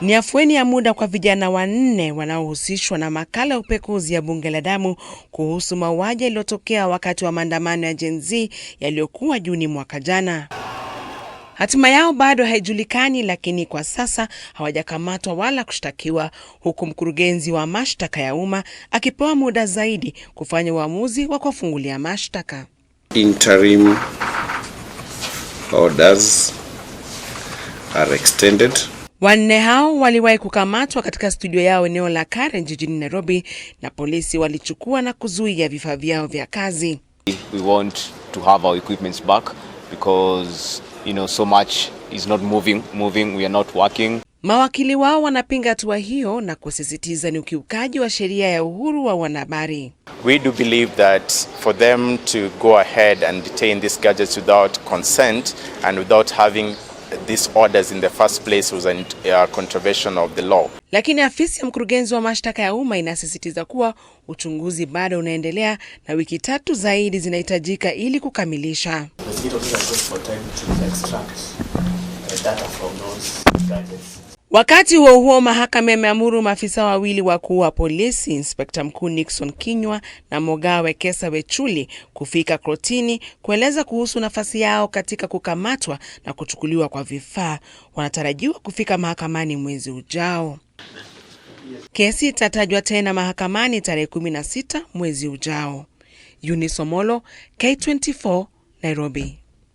Ni afueni ya muda kwa vijana wanne wanaohusishwa na makala ya upekuzi ya bunge la damu kuhusu mauaji yaliyotokea wakati wa maandamano ya Gen Z yaliyokuwa Juni mwaka jana. Hatima yao bado haijulikani, lakini kwa sasa hawajakamatwa wala kushtakiwa, huku mkurugenzi wa mashtaka ya umma akipewa muda zaidi kufanya uamuzi wa kuwafungulia mashtaka. Interim orders are extended. Wanne hao waliwahi kukamatwa katika studio yao eneo la Karen jijini Nairobi, na polisi walichukua na kuzuia vifaa vyao vya kazi. We want to have our equipments back because you know so much is not moving moving we are not working. Mawakili wao wanapinga hatua hiyo na kusisitiza ni ukiukaji wa sheria ya uhuru wa wanahabari. We do believe that for them to go ahead and detain these gadgets without consent and without having these orders in the first place was a uh, contravention of the law. Lakini afisi ya mkurugenzi wa mashtaka ya umma inasisitiza kuwa uchunguzi bado unaendelea na wiki tatu zaidi zinahitajika ili kukamilisha. Wakati huo huo, mahakama imeamuru maafisa wawili wakuu wa polisi, inspekta mkuu Nixon Kinywa na Mogawe Kesa Wechuli kufika krotini kueleza kuhusu nafasi yao katika kukamatwa na kuchukuliwa kwa vifaa. Wanatarajiwa kufika mahakamani mwezi ujao. Kesi itatajwa tena mahakamani tarehe 16 mwezi ujao. Yunisomolo, K24, Nairobi.